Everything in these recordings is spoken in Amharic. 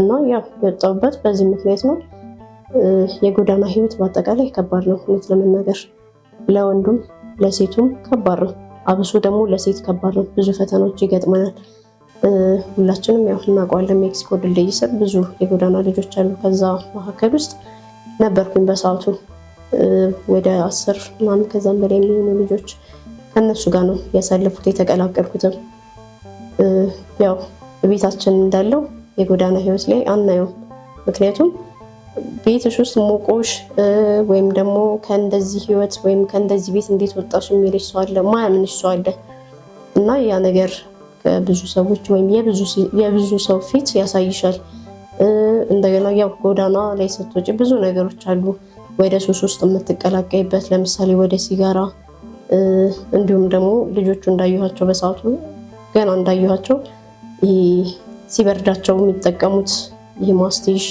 እና ያው የወጣሁበት በዚህ ምክንያት ነው። የጎዳና ህይወት በአጠቃላይ ከባድ ነው፣ እውነት ለመናገር ለወንዱም ለሴቱም ከባድ ነው። አብሶ ደግሞ ለሴት ከባድ ነው። ብዙ ፈተናዎች ይገጥመናል። ሁላችንም ያው እናውቀዋለን። ሜክሲኮ ድልድይ ስር ብዙ የጎዳና ልጆች አሉ። ከዛ መካከል ውስጥ ነበርኩኝ በሰዓቱ ወደ አስር ምናምን ከዛም በላይ የሚሆኑ ልጆች ከነሱ ጋር ነው ያሳለፉት የተቀላቀልኩትም ያው ቤታችን እንዳለው የጎዳና ህይወት ላይ አናየውም። ምክንያቱም ቤትሽ ውስጥ ሞቆሽ ወይም ደግሞ ከእንደዚህ ህይወት ወይም ከእንደዚህ ቤት እንዴት ወጣሽ የሚልሽ ሰው አለ፣ ማያምንሽ ሰው አለ እና ያ ነገር ከብዙ ሰዎች ወይም የብዙ ሰው ፊት ያሳይሻል። እንደገና ያው ጎዳና ላይ ስትወጪ ብዙ ነገሮች አሉ ወደ ሱስ ውስጥ የምትቀላቀይበት ለምሳሌ ወደ ሲጋራ፣ እንዲሁም ደግሞ ልጆቹ እንዳየኋቸው በሰዓቱ ገና እንዳየኋቸው ሲበርዳቸው የሚጠቀሙት ይህ ማስቴሽ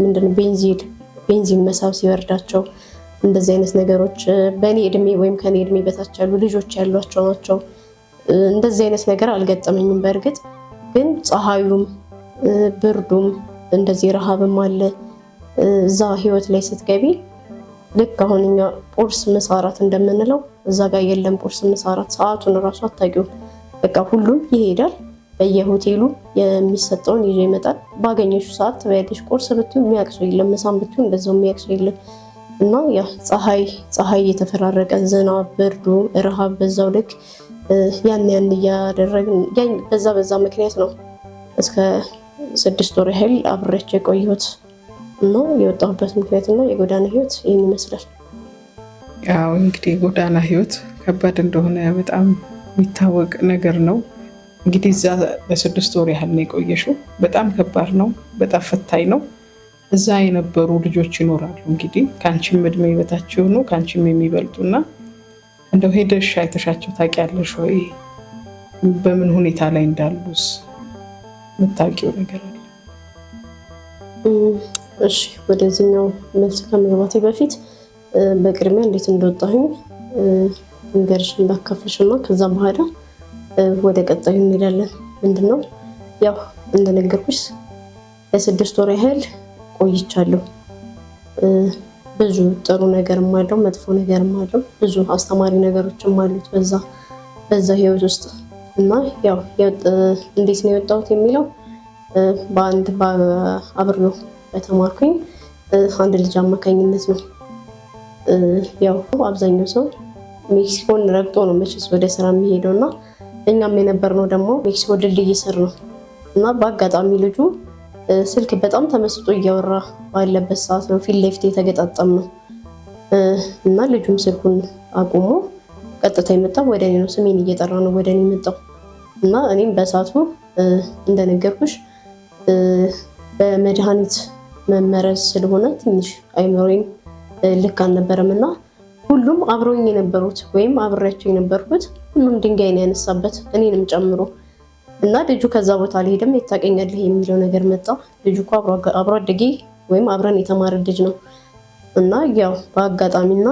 ምንድን ቤንዚል ቤንዚን መሳብ ሲበርዳቸው እንደዚህ አይነት ነገሮች በእኔ እድሜ ወይም ከኔ እድሜ በታች ያሉ ልጆች ያሏቸው ናቸው። እንደዚህ አይነት ነገር አልገጠመኝም። በእርግጥ ግን ፀሐዩም ብርዱም እንደዚህ ረሃብም አለ። እዛ ህይወት ላይ ስትገቢ ልክ አሁን እኛ ቁርስ ምሳ እራት እንደምንለው እዛ ጋር የለም። ቁርስ ምሳ እራት ሰዓቱን እራሱ አታውቂውም። በቃ ሁሉም ይሄዳል። በየሆቴሉ የሚሰጠውን ይዞ ይመጣል። ባገኘሹ ሰዓት ትበያለሽ። ቁርስ ብትዩ የሚያቅሱ የለም፣ ምሳም ብትዩ እንደዛው የሚያቅሱ የለም እና ያ ፀሐይ ፀሐይ የተፈራረቀ ዝናብ፣ ብርዱ፣ ረሃብ በዛው ልክ ያን ያን እያደረግን በዛ በዛ ምክንያት ነው እስከ ስድስት ወር ያህል አብሬያቸው የቆየሁት እና የወጣሁበት እና የጎዳና ህይወት ይህን ይመስላል። ያው እንግዲህ የጎዳና ህይወት ከባድ እንደሆነ በጣም የሚታወቅ ነገር ነው። እንግዲህ እዛ ለስድስት ወር ያህል ነው የቆየሽው። በጣም ከባድ ነው፣ በጣም ፈታኝ ነው። እዛ የነበሩ ልጆች ይኖራሉ እንግዲህ ከአንቺም እድሜ በታች የሆኑ ከአንቺም የሚበልጡና እንደው ሄደሽ አይተሻቸው ታውቂያለሽ ወይ? በምን ሁኔታ ላይ እንዳሉስ የምታውቂው ነገር አለ? እሺ፣ ወደዚህኛው መልስ ከመግባቴ በፊት በቅድሚያ እንዴት እንደወጣሁኝ እንዳካፍልሽ እንዳካፍልሽና ከዛም በኋላ ወደ ቀጣዩ እንሄዳለን። ምንድን ነው ያው እንደነገርኩሽ ለስድስት ወር ያህል ቆይቻለሁ። ብዙ ጥሩ ነገርም አለው፣ መጥፎ ነገርም አለው። ብዙ አስተማሪ ነገሮችም አሉት በዛ በዛ ህይወት ውስጥ እና ያው እንዴት ነው የወጣሁት የሚለው በአንድ አብሬው በተማርኩኝ አንድ ልጅ አማካኝነት ነው። ያው አብዛኛው ሰው ሜክሲኮን ረግጦ ነው መቼስ ወደ ስራ የሚሄደው እና እኛም የነበርነው ደግሞ ሜክሲኮ ድልድይ እየሰሩ ነው እና በአጋጣሚ ልጁ ስልክ በጣም ተመስጦ እያወራ ባለበት ሰዓት ነው ፊት ለፊት የተገጣጠም ነው እና ልጁም ስልኩን አቁሞ ቀጥታ የመጣ ወደ እኔ ነው። ስሜን እየጠራ ነው ወደ እኔ የመጣው እና እኔም በሰዓቱ እንደነገርኩሽ በመድኃኒት መመረዝ ስለሆነ ትንሽ አይምሮዬን ልክ አልነበረም እና ሁሉም አብረውኝ የነበሩት ወይም አብሬያቸው የነበርኩት ሁሉም ድንጋይ ነው ያነሳበት እኔንም ጨምሮ እና ልጁ ከዛ ቦታ አልሄድም የት የሚለው ነገር መጣ። ልጁ እኮ አብሮ አደጌ ወይም አብረን የተማረ ልጅ ነው እና ያው በአጋጣሚና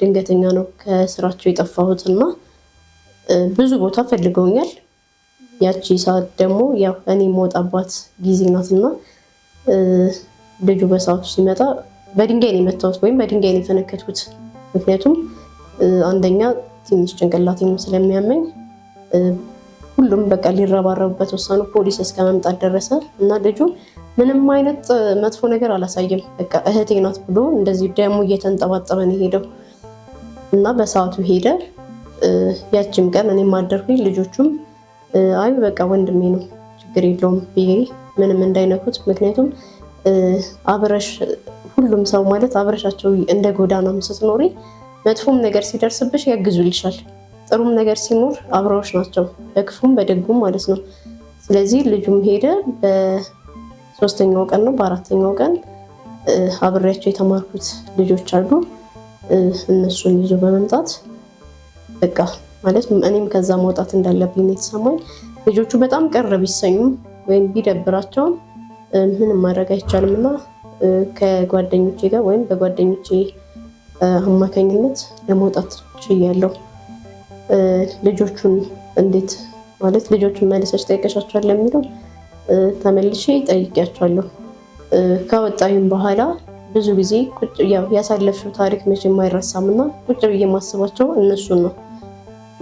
ድንገተኛ ነው ከስራቸው የጠፋሁት እና ብዙ ቦታ ፈልገውኛል። ያቺ ሰዓት ደግሞ ያው እኔ የምወጣባት ጊዜ ናትና ልጁ በሰዓቱ ሲመጣ በድንጋይ ነው የመታሁት ወይም በድንጋይ ነው የፈነከትኩት። ምክንያቱም አንደኛ ትንሽ ጭንቅላቴንም ስለሚያመኝ ሁሉም በቃ ሊረባረቡበት ወሰኑ። ፖሊስ እስከ መምጣት ደረሰ እና ልጁ ምንም አይነት መጥፎ ነገር አላሳየም። በቃ እህቴ ናት ብሎ እንደዚህ ደሙ እየተንጠባጠበ ነው የሄደው እና በሰዓቱ ሄደ። ያችም ቀን እኔም አደርኩኝ። ልጆቹም አይ በቃ ወንድሜ ነው ችግር የለውም ብዬ ምንም እንዳይነኩት፣ ምክንያቱም አብረሽ ሁሉም ሰው ማለት አብረሻቸው እንደ ጎዳናም ስትኖሪ መጥፎም ነገር ሲደርስብሽ ያግዙልሻል። ጥሩም ነገር ሲኖር አብረዎች ናቸው፣ በክፉም በደጉም ማለት ነው። ስለዚህ ልጁም ሄደ። በሶስተኛው ቀን ነው በአራተኛው ቀን አብሬያቸው የተማርኩት ልጆች አሉ። እነሱን ይዞ በመምጣት በቃ ማለት እኔም ከዛ መውጣት እንዳለብኝ የተሰማኝ። ልጆቹ በጣም ቅር ቢሰኙም ወይም ቢደብራቸውም ምንም ማድረግ አይቻልም እና ከጓደኞቼ ጋር ወይም በጓደኞቼ አማካኝነት ለመውጣት ችያለሁ። ልጆቹን እንዴት ማለት ልጆቹን መልሰች ጠይቀሻቸዋል ለሚለው ተመልሼ ጠይቂያቸዋለሁ። ከወጣዩም በኋላ ብዙ ጊዜ ያሳለፍሽው ታሪክ መቼም አይረሳም እና ቁጭ ብዬ የማስባቸው እነሱን ነው።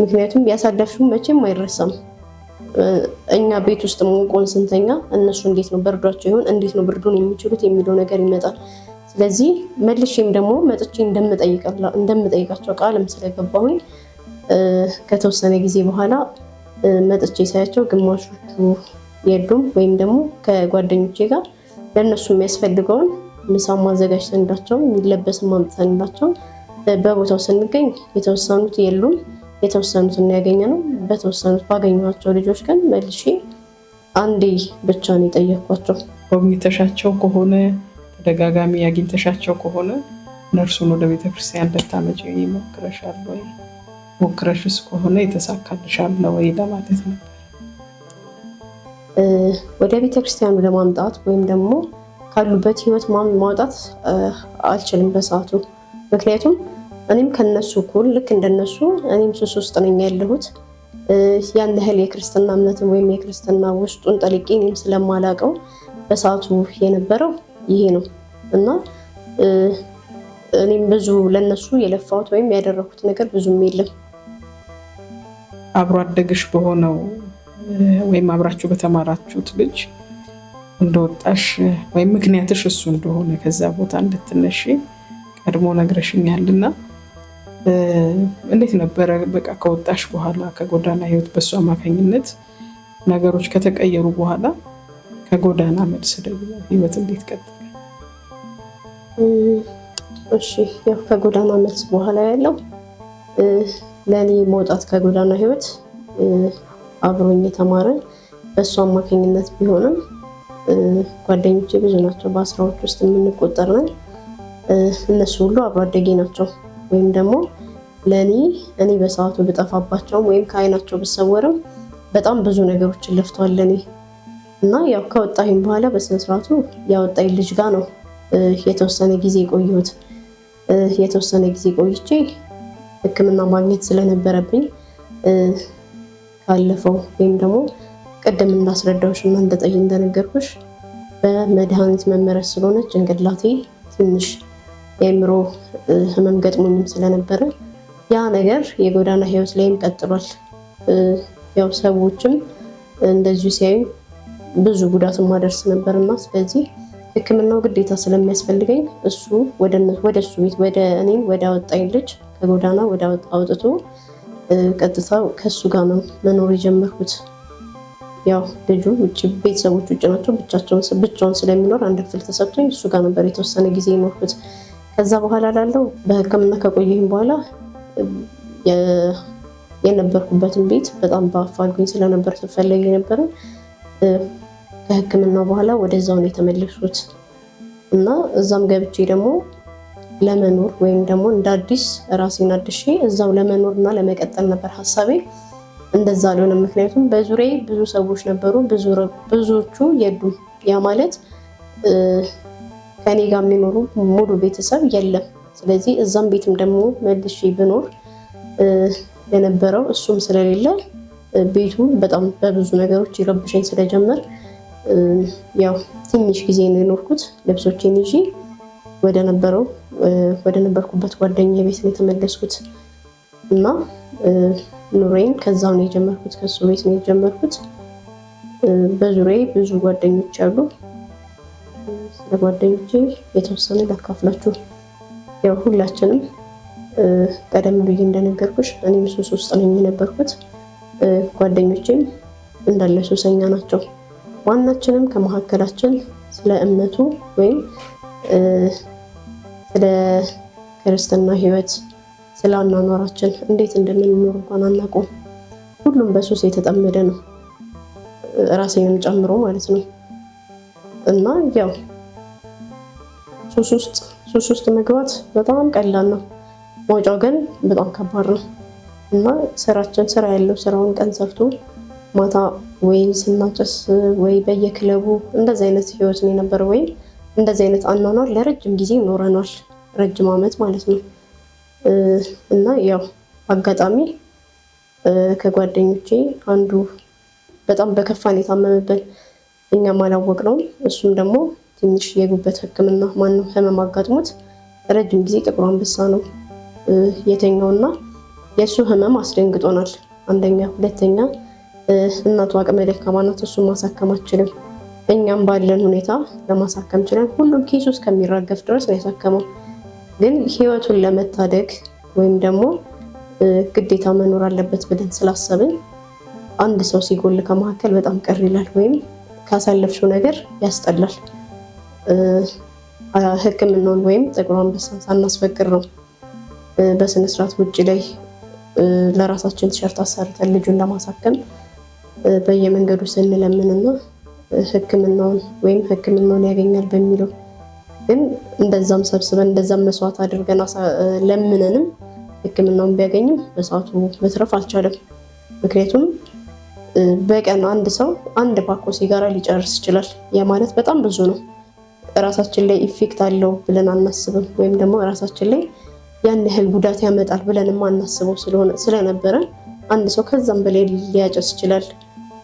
ምክንያቱም ያሳለፍሽው መቼም አይረሳም። እኛ ቤት ውስጥ ሞቆን ስንተኛ እነሱ እንዴት ነው በርዷቸው ይሆን እንዴት ነው ብርዱን የሚችሉት የሚለው ነገር ይመጣል። ስለዚህ መልሼም ደግሞ መጥቼ እንደምጠይቃቸው ቃልም ስለገባሁኝ ከተወሰነ ጊዜ በኋላ መጥቼ ሳያቸው ግማሾቹ የሉም፣ ወይም ደግሞ ከጓደኞቼ ጋር ለእነሱ የሚያስፈልገውን ምሳ ማዘጋጅተንላቸው የሚለበስ ማምጥተንላቸው በቦታው ስንገኝ የተወሰኑት የሉም፣ የተወሰኑት እናያገኘ ነው። በተወሰኑት ባገኘኋቸው ልጆች ግን መልሼ አንዴ ብቻ ነው የጠየኳቸው። ጎብኝተሻቸው ከሆነ በተደጋጋሚ ያግኝተሻቸው ከሆነ ነርሱን ወደ ቤተክርስቲያን ክርስቲያን ልታመጪ ሞክረሻል ወይ? ሞክረሽስ ከሆነ የተሳካልሻል ወይ ለማለት ነበር። ወደ ቤተ ለማምጣት ወይም ደግሞ ካሉበት ህይወት ማውጣት አልችልም በሰዓቱ። ምክንያቱም እኔም ከነሱ እኩል ልክ እንደነሱ እኔም ሱስ ውስጥ ነኝ ያለሁት። ያን ያህል የክርስትና እምነትን ወይም የክርስትና ውስጡን ጠልቄ እኔም ስለማላውቀው በሰዓቱ የነበረው ይሄ ነው። እና እኔም ብዙ ለነሱ የለፋሁት ወይም ያደረኩት ነገር ብዙም የለም። አብሮ አደግሽ በሆነው ወይም አብራችሁ በተማራችሁት ልጅ እንደወጣሽ ወይም ምክንያትሽ እሱ እንደሆነ ከዛ ቦታ እንድትነሺ ቀድሞ ነግረሽኛልና እንዴት ነበረ? በቃ ከወጣሽ በኋላ ከጎዳና ህይወት በሱ አማካኝነት ነገሮች ከተቀየሩ በኋላ ከጎዳና መልስ ደግሞ ህይወት እንዴት ቀጥ እሺ ያው ከጎዳና መልስ በኋላ ያለው ለኔ መውጣት ከጎዳና ህይወት አብሮኝ የተማረ በእሱ አማካኝነት ቢሆንም ጓደኞቼ ብዙ ናቸው። በአስራዎች ውስጥ የምንቆጠር ነን። እነሱ ሁሉ አብሮ አደጌ ናቸው። ወይም ደግሞ ለእኔ እኔ በሰዓቱ ብጠፋባቸውም ወይም ከአይናቸው ብሰወርም በጣም ብዙ ነገሮችን ለፍተዋል ለእኔ እና ያው ከወጣኝ በኋላ በስነስርዓቱ ያወጣኝ ልጅ ጋር ነው የተወሰነ ጊዜ ቆየሁት። የተወሰነ ጊዜ ቆይቼ ሕክምና ማግኘት ስለነበረብኝ ካለፈው ወይም ደግሞ ቅድም እንዳስረዳሁሽ እና እንደጠይ እንደነገርኩሽ በመድኃኒት መመረዝ ስለሆነች ጭንቅላቴ ትንሽ የአእምሮ ህመም ገጥሞኝም ስለነበረ ያ ነገር የጎዳና ህይወት ላይም ቀጥሏል። ያው ሰዎችም እንደዚሁ ሲያዩ ብዙ ጉዳት ማደርስ ነበርና ስለዚህ ህክምናው ግዴታ ስለሚያስፈልገኝ እሱ ወደ እሱ ቤት ወደ እኔን ወደ አወጣኝ ልጅ ከጎዳና ወደ አውጥቶ ቀጥታ ከእሱ ጋር ነው መኖር የጀመርኩት። ያው ልጁ ውጭ ቤተሰቦች ውጭ ናቸው። ብቻውን ስለሚኖር አንድ ክፍል ተሰጥቶኝ እሱ ጋር ነበር የተወሰነ ጊዜ የኖርኩት። ከዛ በኋላ ላለው በህክምና ከቆየኝ በኋላ የነበርኩበትን ቤት በጣም በአፋልጉኝ ስለነበር ትፈለግ የነበረ ከህክምናው በኋላ ወደዛው ነው የተመለሱት እና እዛም ገብቼ ደግሞ ለመኖር ወይም ደግሞ እንደ አዲስ ራሴን አድሼ እዛው ለመኖር እና ለመቀጠል ነበር ሀሳቤ። እንደዛ አልሆነም። ምክንያቱም በዙሪያ ብዙ ሰዎች ነበሩ፣ ብዙዎቹ የሉም። ያ ማለት ከኔ ጋር የሚኖሩ ሙሉ ቤተሰብ የለም። ስለዚህ እዛም ቤትም ደግሞ መልሼ ብኖር የነበረው እሱም ስለሌለ ቤቱ በጣም በብዙ ነገሮች ይረብሸኝ ስለጀመር ያው ትንሽ ጊዜ ነው የኖርኩት። ልብሶቼን ይዤ ወደ ነበረው ወደ ነበርኩበት ጓደኛ ቤት ነው የተመለስኩት እና ኑሬን ከዛው ነው የጀመርኩት። ከሱ ቤት ነው የጀመርኩት። በዙሪያ ብዙ ጓደኞች አሉ። ስለ ጓደኞቼ የተወሰነ ላካፍላችሁ። ያው ሁላችንም ቀደም ብዬ እንደነገርኩሽ እኔም ሱስ ውስጥ ነኝ የነበርኩት። ጓደኞቼም እንዳለ ሱሰኛ ናቸው። ዋናችንም ከመካከላችን ስለ እምነቱ ወይም ስለ ክርስትና ህይወት ስለ አኗኗራችን እንዴት እንደምንኖር እንኳን አናውቅም። ሁሉም በሱስ የተጠመደ ነው፣ ራሴንም ጨምሮ ማለት ነው። እና ያው ሱስ ውስጥ መግባት በጣም ቀላል ነው፣ መውጫው ግን በጣም ከባድ ነው። እና ስራችን ስራ ያለው ስራውን ቀን ሰርቶ ማታ ወይ ስናጨስ ወይ በየክለቡ እንደዚ አይነት ህይወት ነው የነበረ። ወይም እንደዚ አይነት አኗኗር ለረጅም ጊዜ ኖረናል፣ ረጅም አመት ማለት ነው። እና ያው አጋጣሚ ከጓደኞቼ አንዱ በጣም በከፋን የታመመበት እኛም አላወቅነውም። እሱም ደግሞ ትንሽ የጉበት ህክምና ማንም ህመም አጋጥሞት ረጅም ጊዜ ጥቁር አንበሳ ነው የተኛውና የእሱ ህመም አስደንግጦናል። አንደኛ፣ ሁለተኛ እናቱ አቅመ ደካማ ናት፣ እሱን ማሳከም አችልም። እኛም ባለን ሁኔታ ለማሳከም ችለን ሁሉም ኬሱ እስከሚራገፍ ድረስ ነው ያሳከመው። ግን ህይወቱን ለመታደግ ወይም ደግሞ ግዴታ መኖር አለበት ብለን ስላሰብን አንድ ሰው ሲጎል ከመካከል በጣም ቀር ይላል፣ ወይም ካሳለፍሽው ነገር ያስጠላል። ሕክምናውን ወይም ጥቁር አንበሳን ሳናስፈቅር ነው በስነስርዓት ውጭ ላይ ለራሳችን ቲሸርት አሰርተን ልጁን ለማሳከም በየመንገዱ ስንለምንና ህክምናውን ወይም ህክምናውን ያገኛል በሚለው ግን እንደዛም ሰብስበን እንደዛም መስዋዕት አድርገን ለምነንም ህክምናውን ቢያገኝም በሰዓቱ መትረፍ አልቻለም። ምክንያቱም በቀን አንድ ሰው አንድ ፓኮ ሲጋራ ሊጨርስ ይችላል። ያ ማለት በጣም ብዙ ነው። እራሳችን ላይ ኢፌክት አለው ብለን አናስብም፣ ወይም ደግሞ ራሳችን ላይ ያን ያህል ጉዳት ያመጣል ብለንም አናስበው ስለሆነ ስለነበረ አንድ ሰው ከዛም በላይ ሊያጨስ ይችላል።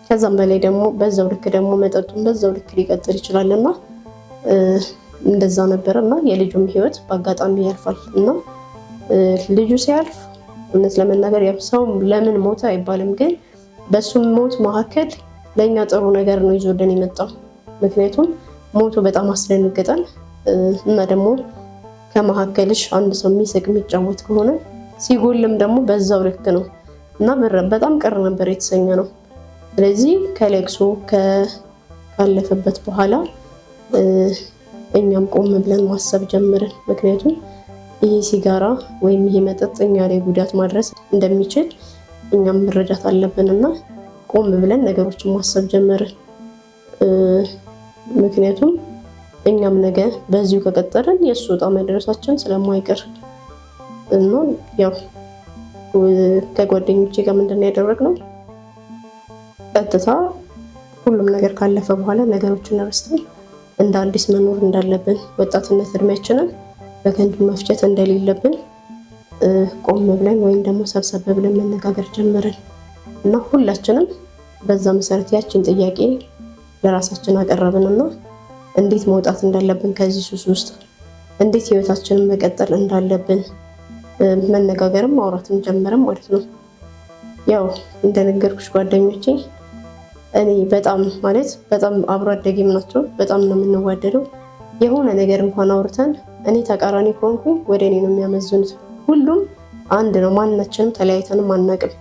ከዛም በላይ ደግሞ በዛው ልክ ደግሞ መጠጡን በዛው ልክ ሊቀጥል ይችላል እና እንደዛ ነበር እና የልጁም ህይወት በአጋጣሚ ያልፋል እና ልጁ ሲያልፍ እውነት ለመናገር ሰው ለምን ሞተ አይባልም፣ ግን በሱም ሞት መካከል ለእኛ ጥሩ ነገር ነው ይዞልን የመጣው። ምክንያቱም ሞቱ በጣም አስደንግጠን እና ደግሞ ከመካከልሽ አንድ ሰው የሚስቅ የሚጫወት ከሆነ ሲጎልም ደግሞ በዛው ልክ ነው እና በጣም ቅር ነበር የተሰኘ ነው። ስለዚህ ከሌክሶ ካለፈበት በኋላ እኛም ቆም ብለን ማሰብ ጀምርን። ምክንያቱም ይህ ሲጋራ ወይም ይሄ መጠጥ እኛ ላይ ጉዳት ማድረስ እንደሚችል እኛም መረዳት እና ቆም ብለን ነገሮችን ማሰብ ጀመርን። ምክንያቱም እኛም ነገ በዚሁ ከቀጠልን የእሱ ዕጣ መድረሳችን ስለማይቀር እና ያው ከጓደኞቼ ጋር ምንድን ነው ያደረግነው ቀጥታ ሁሉም ነገር ካለፈ በኋላ ነገሮችን ረስተን እንደ አዲስ መኖር እንዳለብን፣ ወጣትነት እድሜያችንን በከንቱ መፍጨት እንደሌለብን ቆም ብለን ወይም ደግሞ ሰብሰብ ብለን መነጋገር ጀመርን እና ሁላችንም በዛ መሰረት ያችን ጥያቄ ለራሳችን እና እንዴት መውጣት እንዳለብን ከዚህ ሱስ ውስጥ እንዴት ህይወታችንን መቀጠል እንዳለብን መነጋገርም ማውራትም ጀመረም ማለት ነው። ያው እንደነገርኩሽ ጓደኞቼ እኔ በጣም ማለት በጣም አብሮ አደጌም ናቸው። በጣም ነው የምንዋደደው። የሆነ ነገር እንኳን አውርተን እኔ ተቃራኒ ከሆንኩ ወደ እኔ ነው የሚያመዝኑት። ሁሉም አንድ ነው። ማናችንም ተለያይተንም አናቅም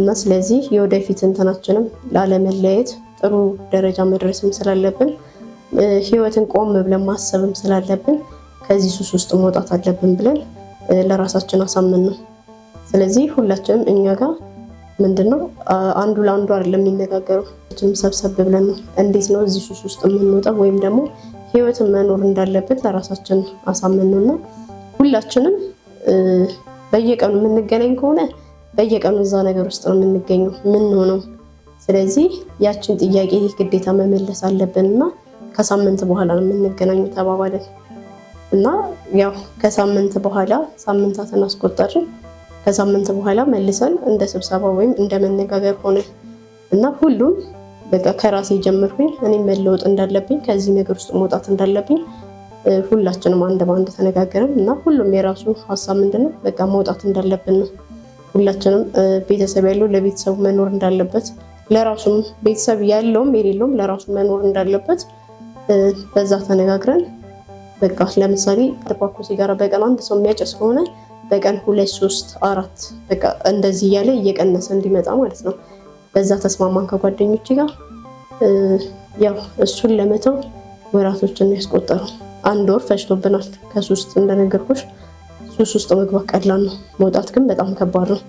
እና ስለዚህ የወደፊት እንትናችንም ላለመለየት ጥሩ ደረጃ መድረስም ስላለብን ህይወትን ቆም ብለን ማሰብም ስላለብን ከዚህ ሱስ ውስጥ መውጣት አለብን ብለን ለራሳችን አሳምን ነው። ስለዚህ ሁላችንም እኛ ጋር ምንድን ነው አንዱ ለአንዱ አይደለም የሚነጋገሩ ሰብሰብ ብለን እንዴት ነው እዚህ ሱስ ውስጥ የምንወጣው ወይም ደግሞ ህይወትን መኖር እንዳለብን ለራሳችን አሳምን ነው እና ሁላችንም በየቀኑ የምንገናኝ ከሆነ በየቀኑ እዛ ነገር ውስጥ ነው የምንገኘው ምንሆነው። ስለዚህ ያችን ጥያቄ ግዴታ መመለስ አለብን እና ከሳምንት በኋላ ነው የምንገናኙ ተባባለን እና ያው ከሳምንት በኋላ ሳምንታትን አስቆጠርን። ከሳምንት በኋላ መልሰን እንደ ስብሰባ ወይም እንደ መነጋገር ሆነ እና ሁሉም በቃ ከራሴ ጀመርኩኝ። እኔ መለወጥ እንዳለብኝ ከዚህ ነገር ውስጥ መውጣት እንዳለብኝ ሁላችንም አንድ በአንድ ተነጋገርን እና ሁሉም የራሱ ሀሳብ ምንድነው በቃ መውጣት እንዳለብን ነው። ሁላችንም ቤተሰብ ያለው ለቤተሰቡ መኖር እንዳለበት፣ ለራሱም ቤተሰብ ያለውም የሌለውም ለራሱ መኖር እንዳለበት በዛ ተነጋግረን በቃ ለምሳሌ ትርባኮ ሲጋራ በቀን አንድ ሰው የሚያጨስ ከሆነ በቀን ሁለት ሶስት አራት በቃ እንደዚህ እያለ እየቀነሰ እንዲመጣ ማለት ነው። በዛ ተስማማን ከጓደኞች ጋር ያው እሱን ለመተው ወራቶችን ያስቆጠረው አንድ ወር ፈጅቶብናል። ከሱስ እንደነገርኩሽ ሱስ ውስጥ መግባት ቀላል ነው፣ መውጣት ግን በጣም ከባድ ነው።